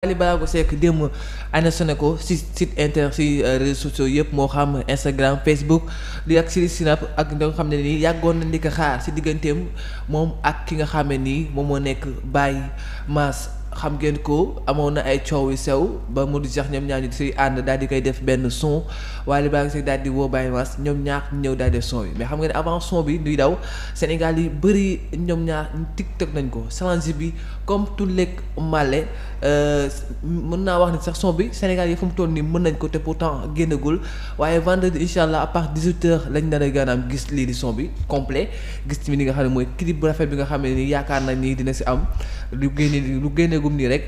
Wally Ballago Seck démb annonce ko ci inter ci réseaux sociaux yëpp moo xam Instagram Facebook li ak ci Snap ak nga xam ne nii yàggoon na di ko xaar ci digganteem moom ak ki nga xam ne nii moom moo nekk bàyyi Mass xam ngeen ko amoon na ay coow yu sew ba mu di sax ñoom ñaar ñu ànd daal di koy def benn son Wally Ballago Seck daal di woo Baye ñoom ñaar ñëw daal di def son yi mais xam nga ne avant son bi duy daw Sénégal yi bëri ñoom ñaar TikTok nañ ko challenge bi comme tout lekk male Euh, mën naa wax ni sax son bi Sénégal yi fu mu toll nii mën nañ ko te pour temps génnagul waaye vendredi incha allah à part 18h lañ nar a gaanaam gis lii di son bi complet gis tamit li nga xam ne mooy clip bu rafet bi nga xam ne ni yaakaar nañ ni dina si am lu génne lu génneegum nii rek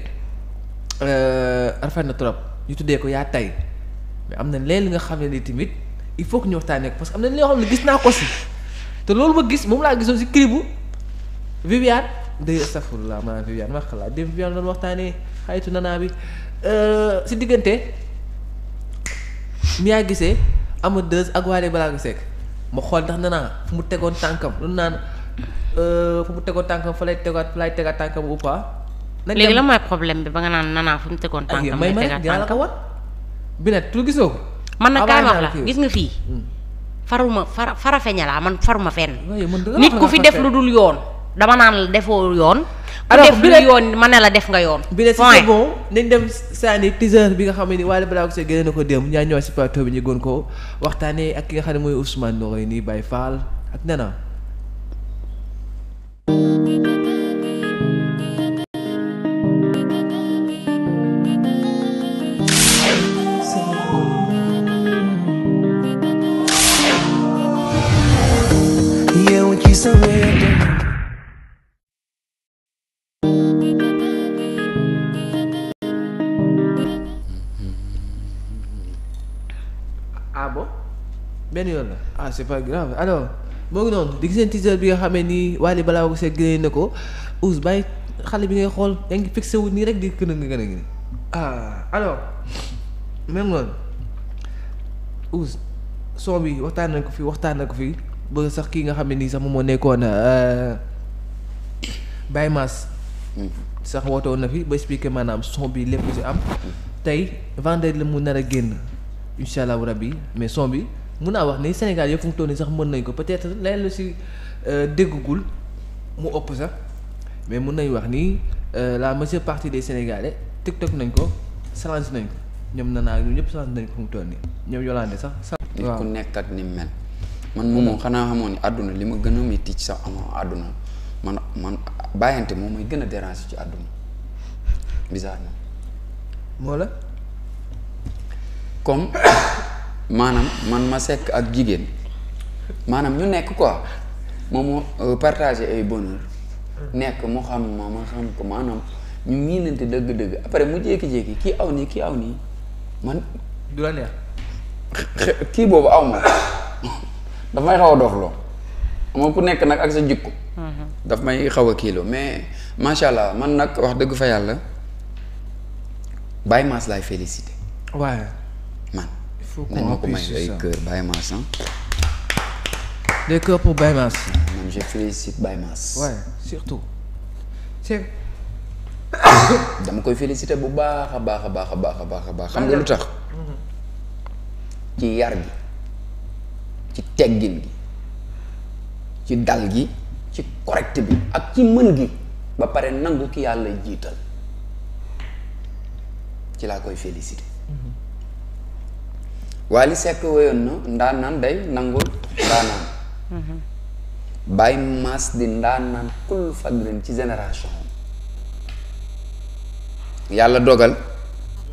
euh, rafet na trop ñu tuddee ko yaa tay mais am na leen li nga xam ne ni tamit il faut que ñu waxtaanee ko parce que am na li nga xam ne gis naa ko si te loolu ma gis moom laa gisoon si clip bu day astafurlah maanaam Viviane wax laa démb Viviane doon waxtaanee xaytu nanaa bi euh, si diggante Mia ak Wally Ballago Seck ma xool ndax nanaa fu mu tegoon tànkam lu naan euh, fu mu tegoon tànkam fa lay tegaat fa lay tegaat la mooy problème bi ba naan nanaa fu mu tegoon tànkam lay tegaat tànkam la ko man nag kaay wax la gis nga fii. Hmm. faruma fara farafeña laa man faruma fenn. nit ku fi def lu dul yoon. dama naan la defoo yoon. alors def lu yoon ma ne la def nga yoon. bi ne si c'est bon nañ dem sànni teaser bi nga xam ni nii Wally Ballago Seck génne na ko démb ñaa ñëwaat si plateau bi ñu gën ko waxtaanee ak ki nga xam ne mooy Ousmane Ndoye nii Baye Fall ak Nana. ah bon benn yoon la ah c'est pas grave alors moo ngi noonu di gis seen teaser bi nga xamee nii Wally Ballago Seck gënee na ko Ousse bàyyi xale bi ngay xool yaa ngi fixé wu nii rek di gën a gën a gën ah alors même noonu Ousse son bi waxtaan nañ ko fi waxtaan nañ ko ba sax ki nga xam ne nii sax moom moo nekkoon euh, bay Mass sax woote na fi ba expliqué maanaam son bi lépp si am tey vendredi la mu nar a génn incha allahu rabbi mais son bi mun naa wax ni Sénégal yëpp fu mu toll nii sax mën nañ ko peut-être leneen lu si euh, déggugul mu ëpp sax mais mun nañ wax ni euh, la majeure partie des Sénégalais TikTok nañ ko challenge nañ ko ñoom nanaa ñoom ñëpp challenge nañ ko fu mu toll nii ñoom Yolande sax. waaw ku nekkat ni mel. man moomoo xanaa xamoon ni àdduna li ma gën a métti ci sax amoo àdduna man man bàyyante moom mooy gën a déranger ci àdduna bizarrement moo la. comme maanaam man ma sekk ak jigéen maanaam ñu nekk quoi moom mu euh, partager ay bonheur nekk mu xam ma ma xam ko maanaam ñu miinante dëgg-dëgg après mu jékki-jékki kii aw nii kii aw nii man. du la neex. kii boobu aw ma daf may xaw a doxloo moom ku nekk nag ak sa jikko. Mhm. daf may xaw a kiilo mais macha allah man nag wax dëgg fa yàlla Baye Mass laay félicité. waaw. faut qu'on ma ko may ay cœur Baye Mass ah. des cœurs pour Baye Mass. man je félicite Baye Mass. waaw surtout. c'est. dama koy féliciter bu baax a baax a baax a baax a baax a baax. xam nga lu tax. Mm-hmm. ci yar gi. ci teggin gi. ci dal gi. ci correct bi ak ci mën gi. ba pare nangu ki yàlla jiital. ci laa koy féliciter. Mm-hmm. Wally Seck woyoon na ndaanaan day nangul ndaanaan Baye di ndaanaan kull fadrin ci génération yàlla dogal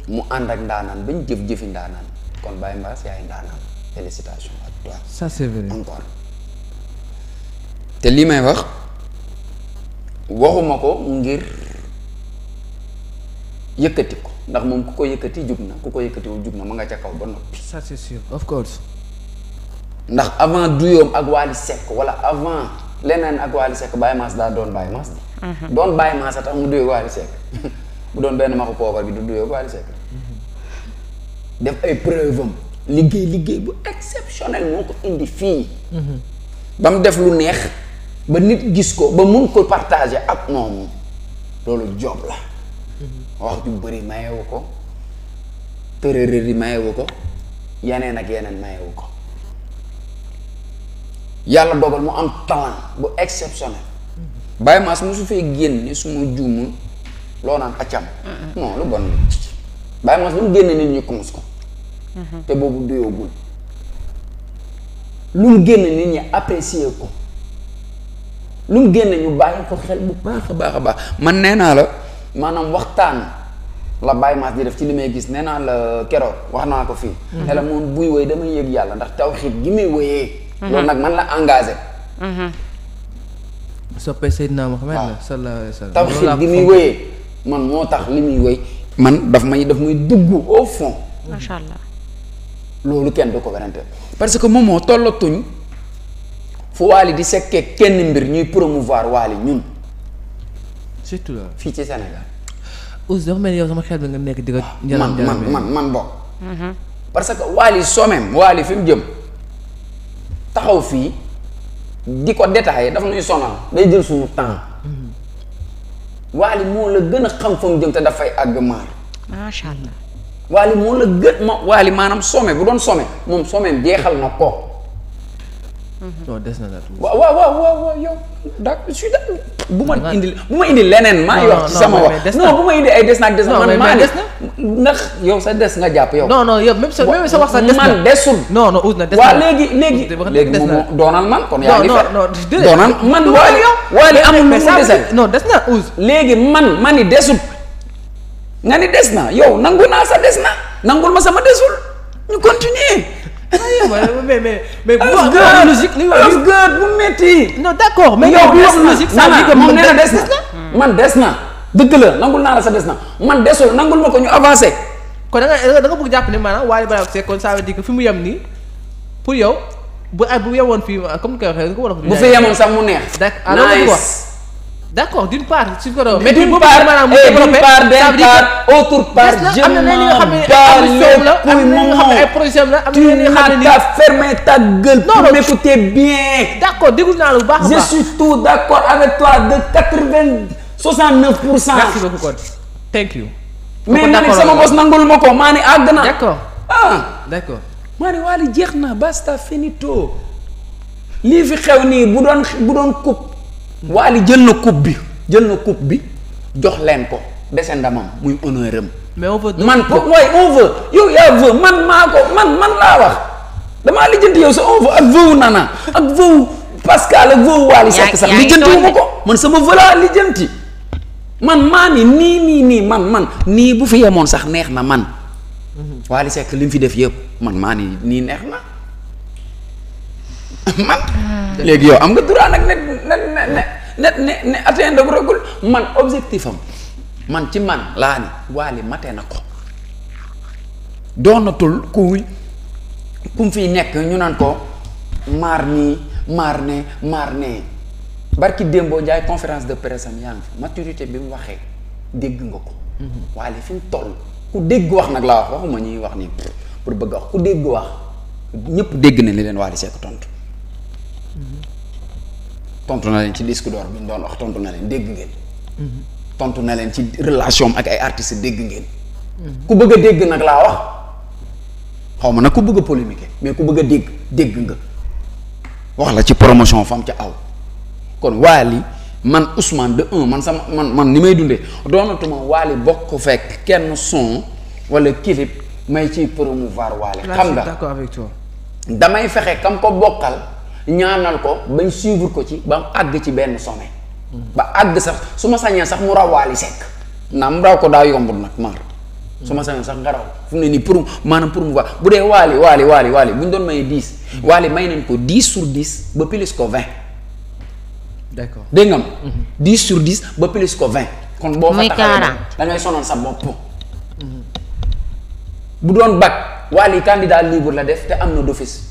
mu ànd ak ndaanaan bañ jëf-jëfi ndaanaan kon Baye yaay ndaanaan te lii may wax waxuma ko ngir yëkkati ko ndax moom ku ko yëkkati jug na ku ko yëkkatiwul jug na ma nga ca kaw ba noppi. ndax avant Duyoom ak Waly wala avant leneen ak Waly Seck Baye daa doon Baye Mass. Mhm. a tax mu doon benn maxu poobar mhm. ay preuve am liggéey liggéey bu mhm. def lu neex ba gis ko ba ko partager ak moom loolu job la. wax ju bëri mayewu ko tërërër yi mayewu ko yeneen ak yeneen mayewu ko yàlla dogal mu am talent bu exceptionnel Baye Mass mosu fee génne su ma juumul loo naan accam non lu bon Baye Mass ba mu génne nit ñi cons ko mm-hmm. te boobu doyogul lu mu génn nit ñi apprécier ko lu mu génn ñu bàyyi ko xel bu baax a baax a baax man nee naa la maanaam waxtaan la Baye Mass di def ci li may gis nee naa la keroog wax naa ko fii. Mhm. ne la moom buy woy damay yëg yàlla ndax tawxiid gi muy woyee. Mhm. man la engagé. Mhm. soppee Seydina Muhammad la sallallahu moo tax li muy woy man daf may daf muy dugg au fond. macha allah. loolu kenn du ko werante parce que moom moo tollatuñ fu waali di sekkee kenn mbir ñuy promouvoir waali ñun. surtout loolu euh, fii ci Sénégal. Ousse dafa mel yow sama xel bi nga nekk di ko. Ah, man man man man bokk. Mhm. parce que Wally soomeem Wally fi mu jëm taxaw fii di ko détaillé daf nuy sonal day jël suñu temps. Mhm. Wally moo la gën a xam fa mu jëm te dafay àgg maar. macha allah. Wally moo la gën ma Wally maanaam somme bu doon somme moom sommeem jeexal na ko. non mhm. oh, des na la tuuti. waaw waaw waaw yow daa je bu ma indi bu ma indi leneen maa ngi ci sama wax non bu ma indi ay des na ak des na man maa des na ndax yow sa des nga jàpp yow non non yow sa sa wax sa des na man desul non non uus na des na waaw léegi léegi léegi moom doonal man kon yaa ngi fer doonal man des na uus léegi man ma ni desul nga ni des na yow nangu naa sa des na nangul ma sama desul ñu continuer mais mais mais bu wax logique wax bu metti non d'accord mais yow bu wax logique ça dit que moom nee na des na man des na dëgg la nangul naa la sa des na man desul nangul ma ko ñu avancé kon da nga da nga bëgg jàpp ne maanaam Wally Ballago Seck kon ça veut dire que fi mu yem nii pour yow bu ay bu yemoon fii comme ni koy waxee nga ko war a bu fi yemoon sax mu neex d'accord d' accord d'une part suñ ko doon mais d'une part maanaam mu développé ça veut dire que autre part jëm am na leneen yoo xam ne am na ay projet la am na leneen yoo xam ne tu as fermé ta gueule pour m'écouter bien. d' accord déglu naa la bu baax a baax je suis tout d' accord avec toi de quatre vingt soixante neuf pour cent. merci beaucoup kon thank you. mais ma ne sama boss nangul ma ko maa ne àgg na. d' accord ah d' accord. maa ne waa li jeex na basta finito lii fi xew nii bu doon bu doon coupe. Waly jël na coupe bi jël na coupe bi jox leen ko dese ndamam muy honneur am. mais man ko mooy on veut yow yaa veut man maa ko man man laa wax damaa lijjanti yow sa on veut ak veu nana ak veu Pascal ak veu Waly Seck sax lijjanti wu ma ko man sama veu laa lijjanti man maa ni nii nii nii man man nii bu fi yemoon sax neex na man mhm. Waly Seck li mu fi def yëpp man maa ni nii neex na. man. Ah. léegi yow am nga droit nag ne ne ne ne ne ne atteindre ragul man objectif am man ci man laa ni waali mate na ko doonatul kuy kum fiy nekk ñu naan ko maar nii maar ne maar ne barki démboo jaay conférence de presse am yaa ngi fi maturité bi mu waxee dégg nga ko mhm. waali fi mu toll ku dégg wax nag laa wax waxuma ñuy wax nii pour bëgg wax ku dégg wax ñëpp dégg na li leen waali seek tontu tontu na leen ci disque door bi ñu doon wax tontu na leen dégg ngeen. tontu na leen ci relation ak ay artistes dégg ngeen. ku bëgg a dégg nag laa wax xaw ma nag ku bëgg a mais ku bëgg a dégg dégg nga wax la ci promotion fam ci aw kon Wally man Ousmane de un man sama man man ni may dundee doonatuma Wally bokk fekk kenn son wala clip may ciy promouvoir Wally xam nga d'accord avec toi damay fexe kam ko bokkal ñaanal ko bañ suivre ko ci ba àgg ci benn sommet. ba àgg sax su ma sañee sax mu raw Wally Seck naa mu raw ko daa yombul nag maar. su ma sañoon sax nga mu ne nii pour maanaam pour mu va bu dee Wally Wally Wally Wally bu ñu doon mayee dix. Wally may nañ ko dix sur dix ba plus ko vingt. d'accord dégg nga ma. dix sur dix ba plus ko vingt. kon boo fa taxawee da ngay sonal sa bopp. bu doon bac Wally daal libre la def te am na d'office.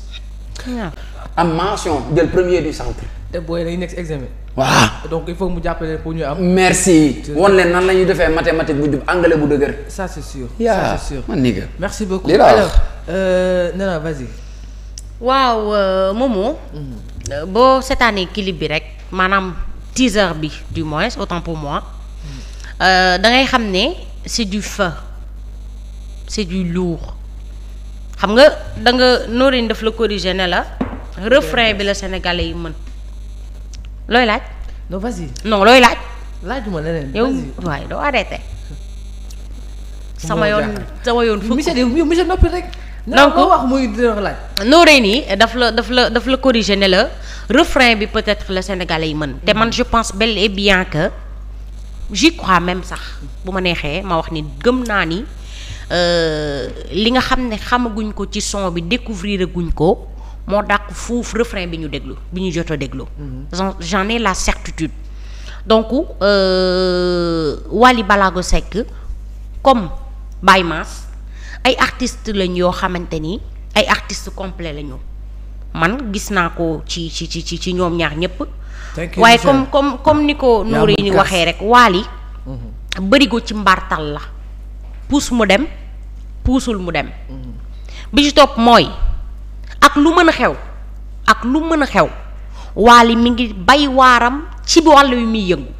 am mention jël premier du centre. te booy dañuy nekk examen. voilà donc il faut mu jàppale pour ñu am. merci won leen nan la ñuy defee mathématique bu jub anglais bu dëgër. ça c'est sûr. ça c'est sûr man nigga merci beaucoup alors euh, Nana vas-y. waaw euh, Momo. Mhm. Euh, boo seetaanee clip bi rek maanaam teaser bi du moins autant pour moi mhm. da ngay xam ne c'est du feu c'est du lourd xam nga da nga Norine daf la corriger ne la. refrain bi la sénégalais yi mën looy laaj. non vas looy laaj. laajuma leneen yow waaye doo arrêté. sama yoon sama yoon fukk monsieur yow rek. donc wax muy nii daf la daf la daf la corriger ne la refrain bi peut-être la sénégalais yi mën. te man je pense bel et bien que j'y crois même sax bu ma neexee ma wax ni gëm naa ni euh, li nga xam ne xamaguñ ko ci son bi découvrir guñ ko. moo dàq fuuf refrain bi ñu déglu bi ñu jot déglu. j'en ai la certitude. donc euh, balaa ko Seck comme Baye Mass ay artistes lañ yoo xamante ni ay artistes complets lañu man gis naa ko ci ci ci ci ñoom ñaar ñépp waaye comme comme comme ni ko Nouré ni waxee rek Wally mm-hmm. bërigo ci mbartal la puus mu dem puusul mu dem mm-hmm. bi ci topp mooy ak lu mën a xew ak lu mën a xew waali mi ngi bay waaram ci wàll wi muy yëngu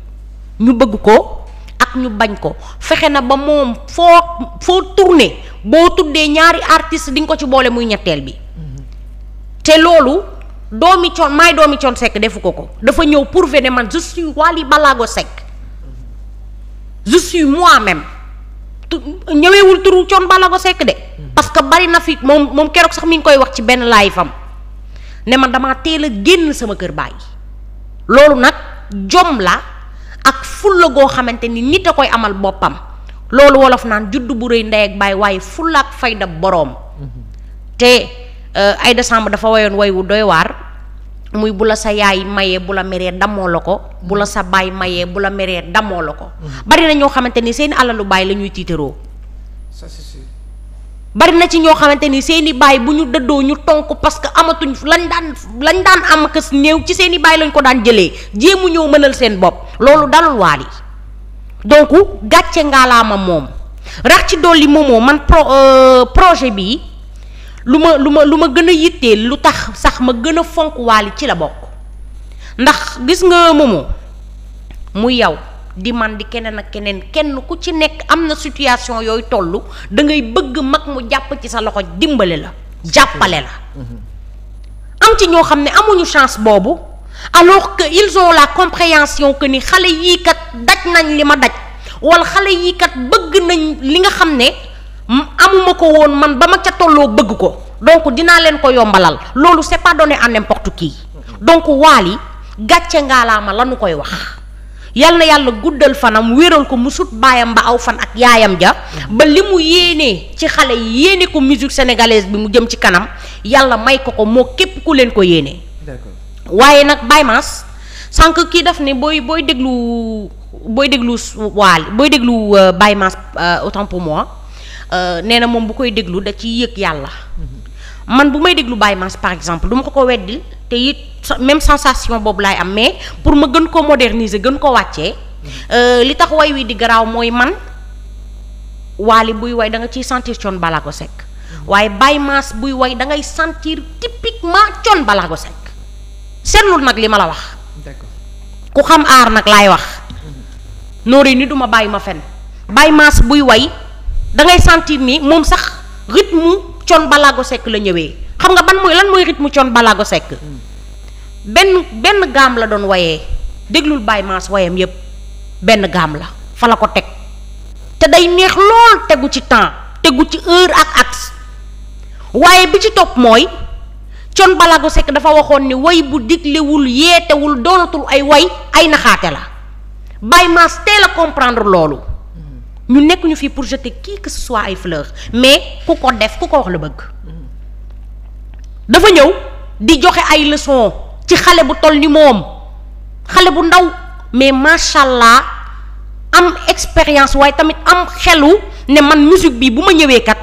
ñu bëgg ko ak ñu bañ ko fexe na ba moom foo foo tourné boo tuddee ñaari artiste di nga ko ci boole muy ñetteel bi te loolu doomi coon maay doomi coon Seck defu ko ko dafa ñëw pour ne man je suis Wally Ballago Seck je suis moi ñëweewul turu coon balago sekk de parce que bari na fi moom moom keroog sax mi ngi koy wax ci benn live fam ne man damaa teel a génn sama kër bàyyi loolu nag jom la ak fulla goo xamante ni nit a koy amal boppam loolu wolof naan juddu bu rëy ndey ak baay waaye fulla ak fayda boroom mhm. te euh, Aïda Samb dafa woyoon woy wu doy waar muy bu la sa yaay mayee bu la meree damoo la ko bu la sa baay mayee bu la meree damoo la ko mm-hmm. bari na ñoo xamante ni seen alalu baay la ñuy tiitaroo ça na ci ñoo xamante ni seen i baay bu ñu dëddoo ñu tonk parce que amatuñ lañ daan lañ daan am ak néew ci seen i baay lañ ko daan jëlee jéemu ñëw mënal seen bopp loolu dalul waal yi donc gàcce ngaalaama moom rax ci dolli moomoo man pro euh, projet bii lu ma lu ma lu ma gën a yitteel lu tax sax ma gën a fonk waali ci la bokk ndax gis nga moomu mu yow di man di keneen ak keneen kenn ku ci nekk am na situation yooyu toll dangay bëgg mag mu jàpp ci sa loxo dimbale la jàppale la mhm. am ci ñoo xam ne amuñu chance boobu alors que ils ont la compréhension que ni xale yii kat daj nañ li ma daj wala xale yii kat bëgg nañ li nga xam ne amuma ko woon man ba ma ca tolloo bëgg ko donc dinaa leen ko yombalal loolu c'est pas donné à n'importe kii donc Wally gàcce ngaalaama la nu koy wax yal na yàlla guddal fanam wéeral ko mu sut baayam ba aw fan ak yaayam ja ba li mu yéenee ci xale yi yéene ko musique sénégalaise bi mu jëm ci kanam yàlla may ko ko moo képp ku leen ko yéenee waaye nag Baye Mass kii daf ni booy booy déglu booy déglu Wally booy déglu euh, Baye Mass euh, autant pour moi Euh, nee na moom bu koy déglu da ci yëg yàlla man bu may déglu Baye Mass par exemple du ma ko ko weddil te it même sensation boobu laay am mais pour ma gën koo moderniser gën ko wàccee euh, li tax woy wi di garaaw mooy man waali buy way da nga ciy sentir Thione Ballago Seck waaye Baye Mass buy way da ngay sentir typiquement Thione Ballago Seck seetlul nag li ma la wax ku xam aar nag laay wax nooree ni duma bàyyi ma fen Baye Mass buy way da ngay sentir ni moom sax rythme Thione Ballago sekk la ñëwee xam nga ban mooy lan mooy rythme Thione Ballago sekk benn benn gaam la doon woyee déglul Baye Mass wayam yépp benn gaam la fa la ko teg te day neex lool tegu ci temps tegu ci heure ak axe waaye bi ci topp mooy Thione Ballago sekk dafa waxoon ni woy bu diglewul yeetewul doonatul ay woy ay naxaate la Baye Mass teel a comprendre loolu ñu nekk ñu fii pour jeter qui que ce soit ay fleurs mais ku ko def ku ko wax la bëgg dafa ñëw di joxe ay leçons ci xale bu toll ni moom xale bu ndaw mais macha allah am expérience waaye tamit am xelu ne man musique bi bu ma ñëwee kat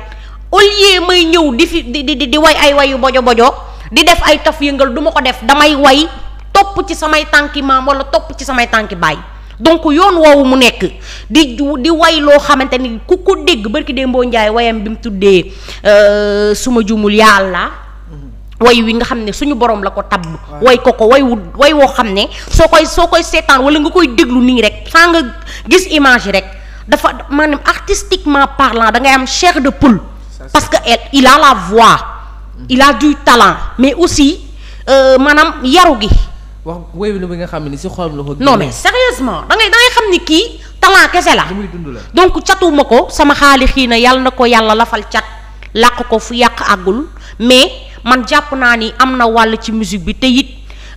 au may ñëw di fi di di di way ay wayu bojo bojo di def ay taf yëngal du ma ko def damay way topp ci samay tànki maam wala topp ci samay tànki baay. donc yoon woowu mu nekk di di way loo xamante ni ku ko dégg barki Dembo Ndiaye wayam bi mu tuddee euh, su ma jumul yàlla. way wi nga xam ne suñu borom la ko tabb way ko ko way woo xam ne soo koy soo koy seetaan wala nga koy déglu nii rek saa nga gis image rek dafa maanaam artistiquement parlant da ngay am chair de poule parce que il a la voix il a du talent mais aussi euh, maanaam yaru gi wax wéyul bi nga xam ne si xolam la ko. non mais sérieusement da ngay da ngay xam ni kii talent kese la. donc catuma ko sama xaalis xii na yàlla na ko yàlla lafal cat làq ko fu yàq àggul mais man jàpp naa ni am na wàll ci musique bi te it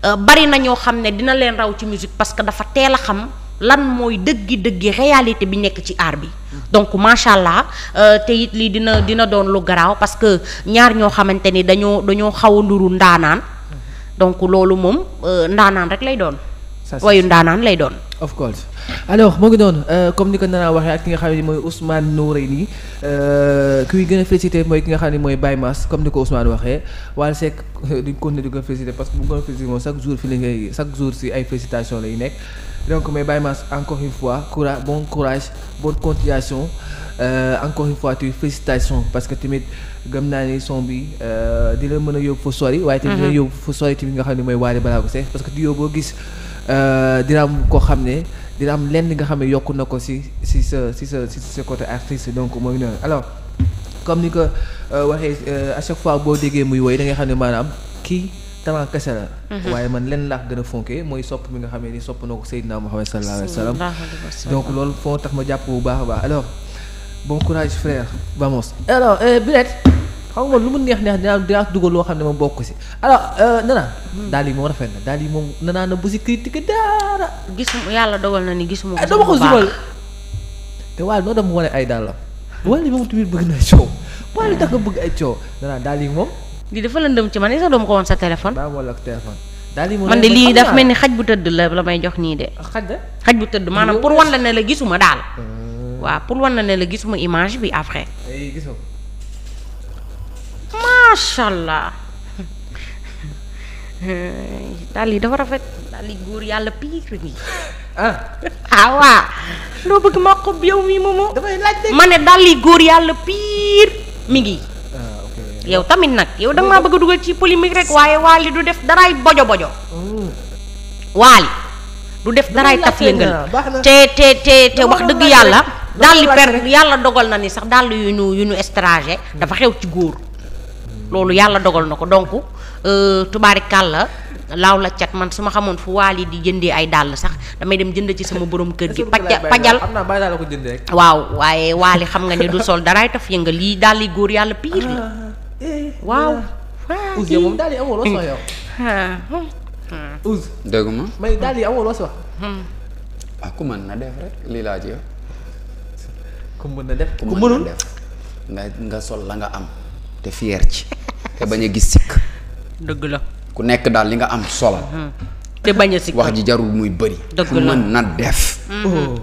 euh, bari na ñoo xam ne dina leen raw ci musique parce que dafa teel a xam lan mooy dëggi-dëggi réalité bi nekk ci aar bi donc macha allah euh, te it lii dina dina doon lu garaaw parce que ñaar ñoo xamante ni dañoo dañoo xaw a nduru ndaanaan. donc loolu moom euh, ndaanaan rek lay doon. wayu ndaanaan lay doon. of course alors moo ngi doon euh, comme ni ko nanaa waxee ak ki nga xam ne mooy Ousmane Noureyni euh, kuy gën a félicité mooy ki nga xam ne mooy Baye Mass comme ni ko Ousmane waxee Wally Seck duñ continuer di ko félicité parce que bu ñu ko félicité moom chaque jour fi la ngay chaque jour si ay félicitations lay nekk. donc mais Baye Mass encore une fois courage bon courage bonne continuation euh, encore une fois tu félicitations parce que tamit gëm naa ni son bi euh, di la mën a yóbbu fa sori waaye tamit dina mhm. yóbbu fa sori tamit nga xam ne mooy Wally Ballago Seck parce que du yow boo gis euh, dina am koo xam ne dina am lenn nga xam ne yokk na ko si si sa si sa si sa côté artiste donc mooy noonu alors comme ni ko waxee à chaque fois boo déggee muy woy da xam ne maanaam kii talent kese la. waaye man leen laax gën a fonkee mooy sopp mi nga xamee ni sopp na ko Seydina Muhammad sallallahu alayhi wa sallam donc loolu foo tax ma jàpp bu baax a baax alors bon courage frère vamos alors euh, Binette xaw ma lu mu neex neex dinaa dinaa dugal loo xam ne ma bokk si alors euh, Nana. Hmm. daal yi moom rafet na daal yi moom Nana na bu si critique daara. gisuma yàlla dogal na ni gisuma ko. Eh, dama ko jubal te waaye noo dem wane ay dàllam. wala li moom tamit bëgg na coow wala li tax nga bëgg ay coow Nana daal yi moom. lii dafa lëndëm ci man est-ce que ko woon sa téléphone. man de lii dafa mel ni xaj bu tëdd la la may jox nii de. xaj de xaj bu tëdd maanaam pour wan la ne la gisuma daal. Euh. waaw pour wan la ne la gisuma image bi après. Eh, gisoo allah daal yi dafa rafet daal yi góor yàlla piir ah. Ah, góor yàlla piir mi ngi. yow tamit nag yow da nga maa bëgg a dugal ci polémique rek waaye waali du def daraay bojo bojo waali du def daraay taf yëngal te te te wax dëgg yàlla dàll per yàlla dogal na ni sax dàll yu ñu yu ñu étranger dafa xew ci góor loolu yàlla dogal na ko donc euh, tubaarikàlla laaw la cat man su ma xamoon fu waal yi di jëndee ay dàll sax damay dem jënd ci sama boroom kër gi paja pajal waaw waaye waali xam nga ne du sol daraay taf yëngal yi dàll yi góor yàlla piir la ah. waaw. Ouz yow moom daal di dégg ma may daal di amoo loo soxla. Hmm. ah ku mën na def rek lii laa ku mën na def ku mënul def nga nga sol la nga am te fier ci te bañ a gis sikk. dëgg la. ku nekk daal li nga am solo. Hmm. te bañ a sikk wax ji jarul muy bari dëgg la ku mën na def. Hmm. Oh.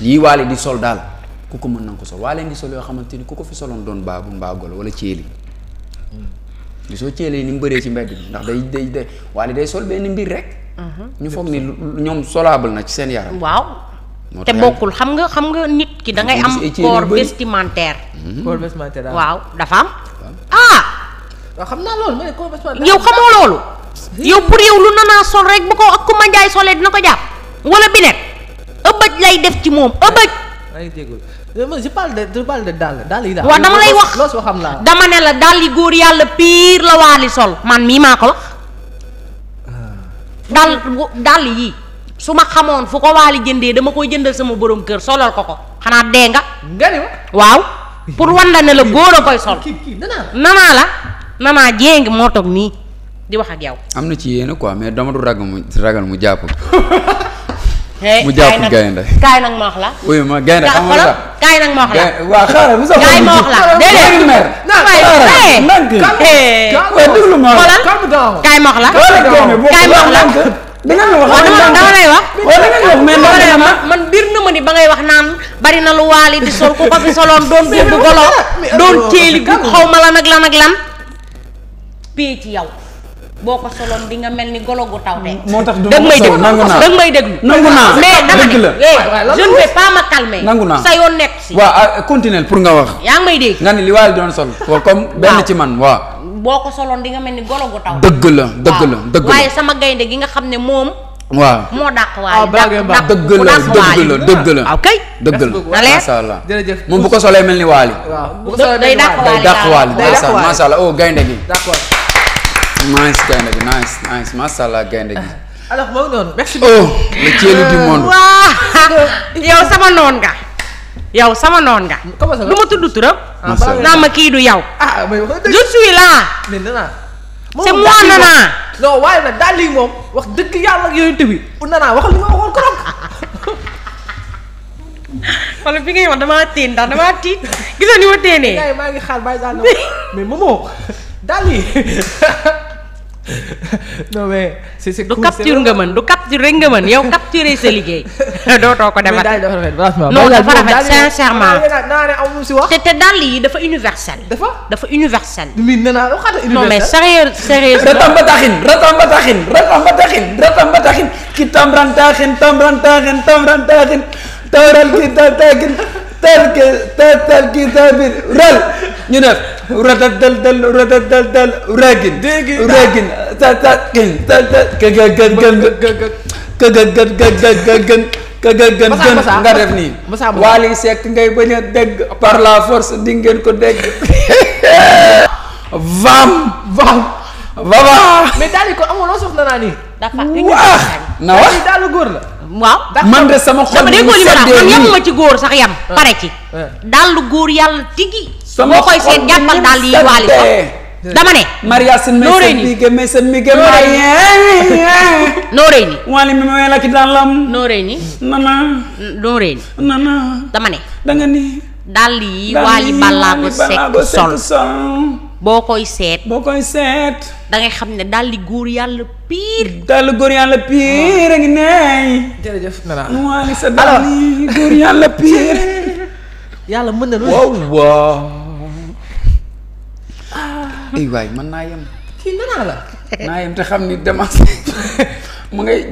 lii waale di sol daal ku ko mën na ko sol waaleen di sol yoo xamante ni ku ko fi soloon doon baabu mbaagolo wala ceeli. soo ceelee ni mu bëree ci mbedd bi ndax day day day waale day sol benn mbir rek. Mhm. ñu foog ni ñoom solable na ci seen yaram. waaw te bokkul xam nga xam nga nit ki da ngay am. Mhm. corps vestimentaire. Ah. waaw dafa am. ah. xam naa loolu mooy yow xamoo loolu. yow pour yow lu nanaa sol rek bu ko ak ku solee dina ko jàpp. wala bi nekk lay def ci moom ëbëj. maa ngi jégalu je parle yi daal. waaw dama lay wax xam laa. dama ne la dàll yi góor yàlla pire la waali sol man mii maa ko wax. Ah. dàll yi su ma xamoon fu ko waali jëndee dama koy jëndal sama borom kër solal ko ko xanaa dee nga. waaw pour wan la ne la góor a koy sol. nanaa la nanaa jéng moo toog nii di wax ak yow. am na ci yéen quoi mais dama du ragal mu ragal mu jàpp. mu jàpp gaynde nag ma wax la. oui ma gaynde nag ma wax la. waaw bu soobee ma wax la déedéet. kaay ma wax la. kaay ma wax la. man biir na ma ni ba ngay wax naan bari na lu waali di sol ku ko fi soloon doon dund golo doon ceeli gu xaw ma lan ak lan ak lan. pee ci yow. boo ko soloon di nga mel ni golo gu tawte. moo tax du ma sol nangu naa danga may déglu nangu naa mais dama ne je ne yoon nekk si. waaw ah, continuer pour nga wax. yaa ngi may dégg. nga ni sol. waaw comme benn ci man waaw. boo ko soloon di nga mel ni golo gu tawte. dëgg la dëgg la dëgg la sama gaynde gi nga xam ne moom. waaw moo dàq waaye ah, dàq dàq ku dëgg la dëgg la waaw ah, kay dëgg la macha allah jërëjëf moom bu ko solee mel ni waali. waaw bu ko day dàq waali day dàq waali allah oh gaynde gi nice gaynde gi nice nice macha allah gaynde gi. alors moom noonu merci oh, beaucoup. yow sama noon nga. yow sama noon nga. lu ma tudd turam. Ah, naa ma kii du yow. ah je suis là. c'est moi Nana. moom wax dëgg yàlla ak yooyu tamit Nana wax li ma waxoon korog. wala bi ngay wax damaa téye ndax damaa tiit gisoo ni ma téye maa ngi xaar bàyyi non mais c'est c'est du capture nga mën du capture rek nga mën yow capturer sa liggéey. dootoo ko demat non dafa rafet sincèrement. Ah, te te dàll yi dafa universel. dafa dafa universel. non mais sérieux sérieux. ratamba taxin ratamba taxin ratamba taxin ratamba taxin ki tambran taxin tambran taxin tambran taxin tawral ki taxin tal ki tal ki tabir ral ñu def. rëdëdël rëdëdël rëgin. dégg nga rëgin ta ta gën ta ta. gën gën gën gën gën gën gën gën gën gën nga def nii. Moussa Waly Seck ngay bañ a dégg. par la force di ngeen ko dégg. vam vam. vava. mais daal di ko amuloo soxla naa nii. dafa na wax daal góor la. waaw man de sama xol. dama déggoo li ma la man yemuma ci góor sax yam pare ci. Eh. Eh. daal góor yàlla tigi. sama boo koy seet jàppal daal li waali ko dama ne. nooree nii. nooree nii. dama ne. danga ni. dàll yi waali balaago sekk sol boo koy seet. boo koy seet. da xam ne dàlli góor yàlla pire. dàlli góor yàlla pire a ngi nay. jërëjëf Nara waali sa dàlli góor yàlla pire. yàlla mën na loolu. ay waay man naa yem kii nanaa la naa yem te xam ni dama mu ngay